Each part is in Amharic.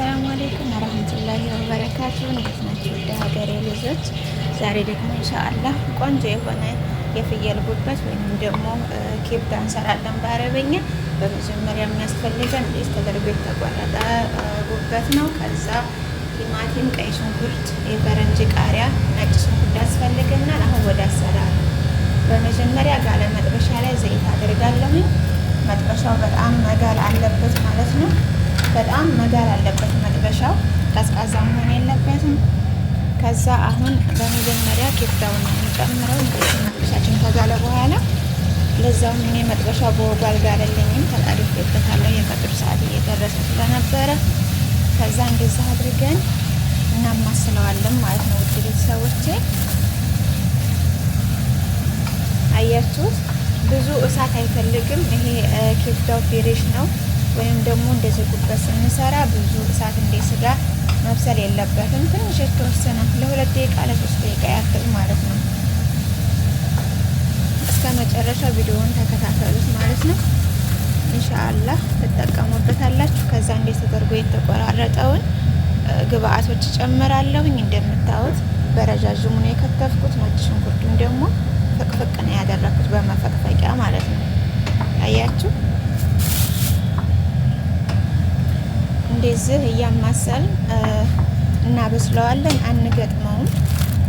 አሰላሙ አሌይኩም ወረህመቱላሂ ወበረካቱ። እንዴት ናችሁ? ወደ ሀገሬ ልጆች ዛሬ ደግሞ ኢንሻአላህ ቆንጆ የሆነ የፍየል ጉበት ወይም ደግሞ ኬብዳ እንሰራለን በአረበኛ። በመጀመሪያ የሚያስፈልገን ስ ተደርጎ የተቆረጠ ጉበት ነው። ከዛ ቲማቲም፣ ቀይ ሽንኩርት፣ የፈረንጅ ቃሪያ፣ ነጭ ሽንኩርት ያስፈልገናል። አሁን ወደ አሰራር በመጀመሪያ ጋለ መጥበሻ ላይ ዘይት አድርጋለሁ። መጥበሻው በጣም መጋል አለበት ማለት ነው። በጣም መጋር አለበት መጥበሻው፣ ቀዝቃዛ መሆን የለበትም። ከዛ አሁን በመጀመሪያ ኬፍታውን የሚጨምረው እንግዲህ መጥበሻችን ከጋለ በኋላ ለዛውም እኔ መጥበሻ በወጉ አልጋለልኝም ተጣድፌበታለሁ። የፈጥሩ ሰዓት እየደረሰ ስለነበረ ከዛ እንደዛ አድርገን እናማስለዋለን ማለት ነው። ውድ ቤተሰቦቼ አያችሁት፣ ብዙ እሳት አይፈልግም። ይሄ ኬፍታው ፌሬሽ ነው። ወይም ደግሞ እንደዚህ ጉበት ስንሰራ ብዙ እሳት እንደ ስጋ መብሰል የለበትም። ትንሽ የተወሰነ ለሁለት ደቂቃ ለሶስት ደቂቃ ያክል ማለት ነው። እስከ መጨረሻ ቪዲዮውን ተከታተሉት ማለት ነው። ኢንሻአላህ ትጠቀሙበታላችሁ። ከዛ እንዴት ተደርጎ የተቆራረጠውን ግብአቶች ጨምራለሁኝ። እንደምታዩት በረዣዥሙ ነው የከተፍኩት። ነጭ ሽንኩርቱን ደግሞ ፍቅፍቅ ነው ያደረኩት በመፈቅፈቂያ ማለት ነው። አያችሁ እንደዚህ እያማሰል እናበስለዋለን። አንገጥመውም።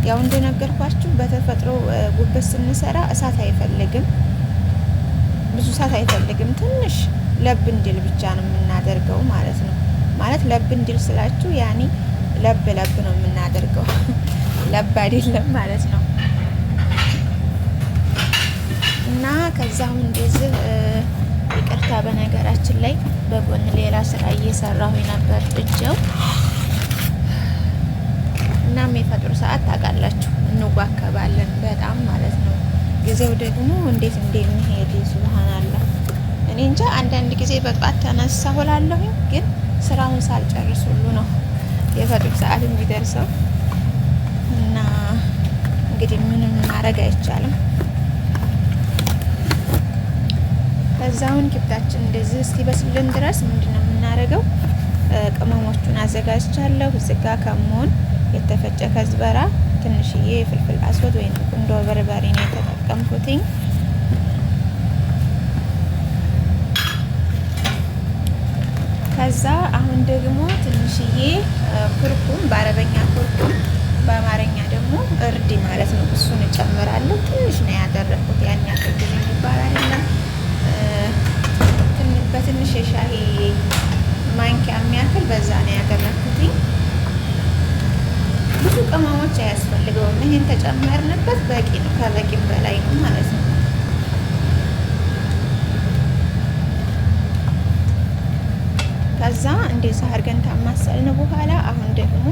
ያው እንደነገርኳችሁ በተፈጥሮ ጉበት ስንሰራ እሳት አይፈልግም፣ ብዙ እሳት አይፈልግም። ትንሽ ለብ እንዲል ብቻ ነው የምናደርገው ማለት ነው። ማለት ለብ እንዲል ስላችሁ ያኔ ለብ ለብ ነው የምናደርገው፣ ለብ አይደለም ማለት ነው። እና ከዛም እንደዚህ ይቅርታ በነገራችን ላይ በጎን ሌላ ስራ እየሰራሁ ነበር እጀው እናም የፈጥሩ ሰዓት ታውቃላችሁ፣ እንዋከባለን በጣም ማለት ነው። ጊዜው ደግሞ እንዴት እንደሚሄድ ሱብሃንአላህ። እኔ እንጃ አንዳንድ ጊዜ በቃት ተነሳሁ እላለሁ፣ ግን ስራውን ሳልጨርስ ሁሉ ነው የፈጥሩ ሰዓት የሚደርሰው እና እንግዲህ ምንም ማድረግ አይቻልም። ከዛውን ክብታችን እንደዚህ እስኪበስልን ድረስ ምንድን ነው የምናደርገው? ቅመሞቹን አዘጋጅቻለሁ። ስጋ ከመሆን የተፈጨ ከዝበራ፣ ትንሽዬ ፍልፍል አስወድ ወይም ቁንዶ በርበሬ ነው የተጠቀምኩትኝ። ከዛ አሁን ደግሞ ትንሽዬ ኩርኩም በአረበኛ ኩርኩም በአማርኛ ደግሞ እርድ ማለት ነው። እሱን እጨምራለሁ። ትንሽ ነው ያደረግኩት ያን ያክል ጊዜ የሚባል አይደለም። ትንሽ የሻሂ ማንኪያ የሚያክል በዛ ነው ያገለኩትኝ። ብዙ ቅመሞች አያስፈልገውም። ይህን ተጨመርንበት በቂ ነው፣ ከበቂም በላይ ነው ማለት ነው። ከዛ እንደዛ አድርገን ካማሰልን በኋላ አሁን ደግሞ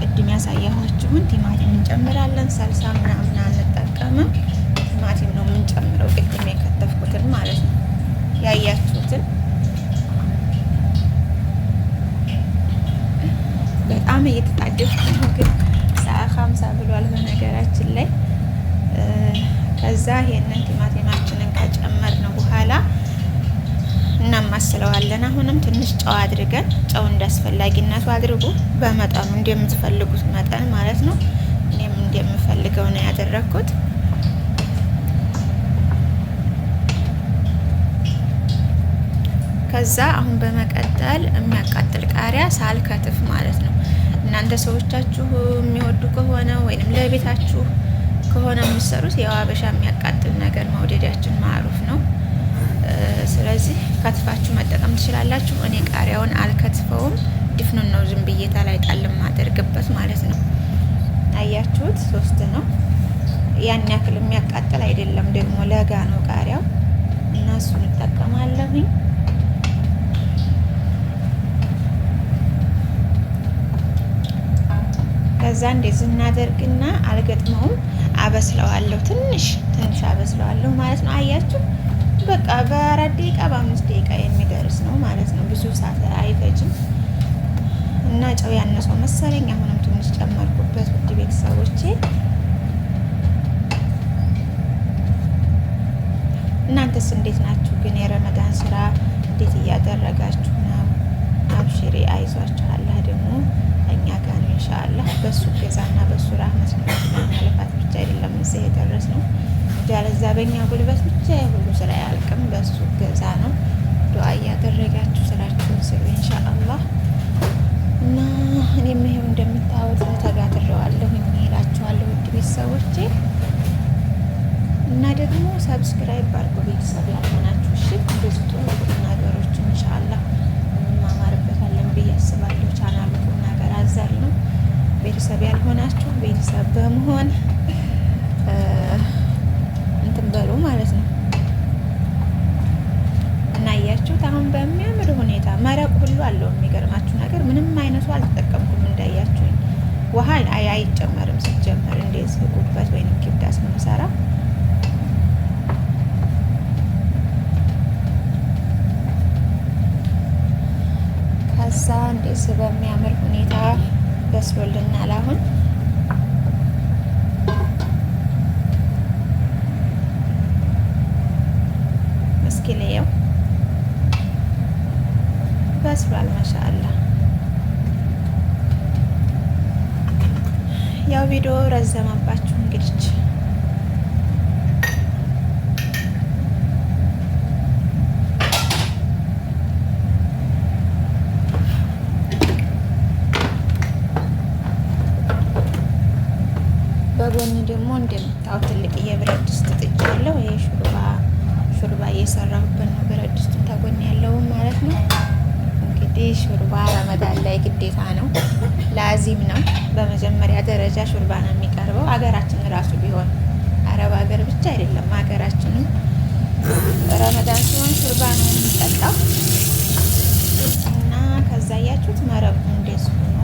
ቅድም ያሳየኋችሁን ቲማቲም እንጨምራለን። ሳልሳ ምናምን አንጠቀምም፣ ቲማቲም ነው የምንጨምረው፣ ቅድም የከተፍኩትን ማለት ነው ያያችሁትን እየተጣደፍኩ ነው። ግን ሰዓት ሀምሳ ብሏል በነገራችን ላይ ከዛ ይሄንን ቲማቲማችንን ከጨመር ነው በኋላ እናማስለዋለን። አሁንም ትንሽ ጨው አድርገን ጨው እንዳስፈላጊነቱ አድርጉ፣ በመጠኑ እንደምትፈልጉት መጠን ማለት ነው። እኔም እንደምፈልገው ነው ያደረኩት። ከዛ አሁን በመቀጠል የሚያቃጥል ቃሪያ ሳልከትፍ ማለት ነው እናንተ ሰዎቻችሁ የሚወዱ ከሆነ ወይንም ለቤታችሁ ከሆነ የምትሰሩት ያው አበሻ የሚያቃጥል ነገር መውደዳችን ማሩፍ ነው። ስለዚህ ከትፋችሁ መጠቀም ትችላላችሁ። እኔ ቃሪያውን አልከትፈውም፣ ድፍኑን ነው ዝም ብዬ ታላይ ጣል ማደርግበት ማለት ነው። አያችሁት? ሶስት ነው። ያን ያክል የሚያቃጥል አይደለም፣ ደግሞ ለጋ ነው ቃሪያው እና ከዛ እንደዚህ እናደርግና አልገጥመውም አበስለዋለሁ። ትንሽ ትንሽ አበስለዋለሁ ማለት ነው። አያችሁ በቃ በአራት ደቂቃ በአምስት ደቂቃ የሚደርስ ነው ማለት ነው። ብዙ ሰዓት አይፈጅም እና ጨው ያነሰው መሰለኝ። አሁንም ትንሽ ጨመርኩበት ውድ ቤተሰቦቼ እናንተስ እንዴት ናችሁ? ግን የረመዳን ስራ እንዴት እያደረጋችሁ ወስዷል። ያለዛ በእኛ ጉልበት ብቻ የሁሉ ስራ ያልቅም፣ በሱ ገዛ ነው። ዱዓ እያደረጋችሁ ስራችሁን ስሩ ኢንሻአላህ። እና እኔም ይሄው እንደምታወጡ ተጋድረዋለሁ እላችኋለሁ ውድ ቤተሰቦቼ። እና ደግሞ ሰብስክራይብ አድርጉ ቤተሰብ ያልሆናችሁ እሺ። ብዙ ነገሮች ኢንሻአላህ እንማማርበታለን ብዬ አስባለሁ። ቻናሉ ነገር አዘል ነው። ቤተሰብ ያልሆናችሁ ቤተሰብ በመሆን አይጨመርም። ሲጀመር እንደዚህ ጉበት ወይም ግብዳ ስንሰራ ከዛ እንደዚህ በሚያምር ሁኔታ በስሎልናል አሁን ላይ ግዴታ ነው፣ ላዚም ነው። በመጀመሪያ ደረጃ ሹርባ ነው የሚቀርበው። አገራችን ራሱ ቢሆን አረብ ሀገር ብቻ አይደለም፣ ሀገራችንም ረመዳን ሲሆን ሹርባ ነው የሚጠጣው እና ከዛ እያችሁት መረቁ እንደሱ ሆኖ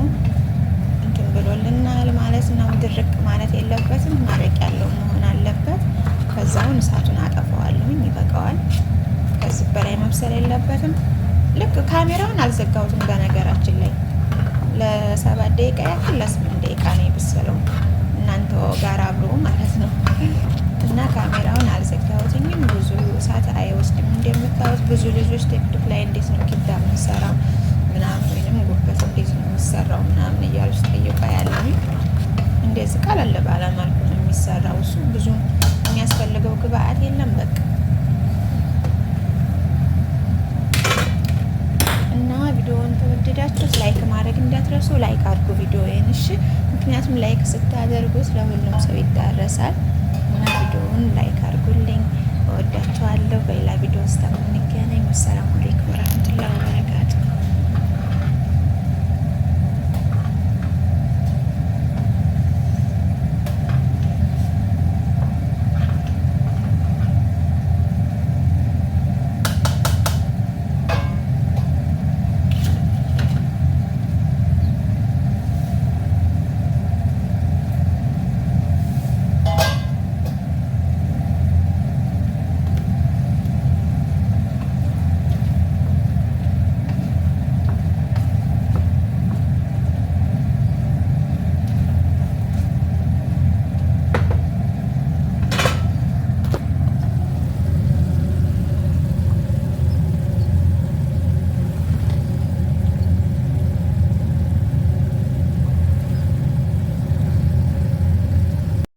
እንትን ብሎልናል ማለት ነው። ድርቅ ማለት የለበትም፣ ማረቅ ያለው መሆን አለበት። ከዛውን እሳቱን አጠፈዋለሁኝ፣ ይበቃዋል። ከዚህ በላይ መብሰል የለበትም። ልክ ካሜራውን አልዘጋሁትም። በነገራችን ላይ ለሰባት ደቂቃ ያክል ለስምንት ደቂቃ ነው የበሰለው እናንተ ጋር አብሮ ማለት ነው። እና ካሜራውን አልዘጋሁትኝም። ብዙ ሰዓት አይወስድም። እንደምታዩት ብዙ ልጆች ቲክቶክ ላይ እንዴት ነው ኪዳ የምንሰራው ምናምን ወይም ጉበት እንዴት ነው የሚሰራው ምናምን እያሉ ስጠየቃ ያለኝ እንደዚህ ቃል አለ ባለማልኩ ነው የሚሰራው። እሱ ብዙ የሚያስፈልገው ግብአት የለም በቃ ቪዲዮውን ከወደዳችሁት ላይክ ማድረግ እንዳትረሱ። ላይክ አድርጉ ቪዲዮውን እሺ። ምክንያቱም ላይክ ስታደርጉት ለሁሉም ሰው ይዳረሳል እና ቪዲዮውን ላይክ አድርጉልኝ። እወዳችኋለሁ። በሌላ ቪዲዮ እስከምንገናኝ ወሰላሙ አለይኩም።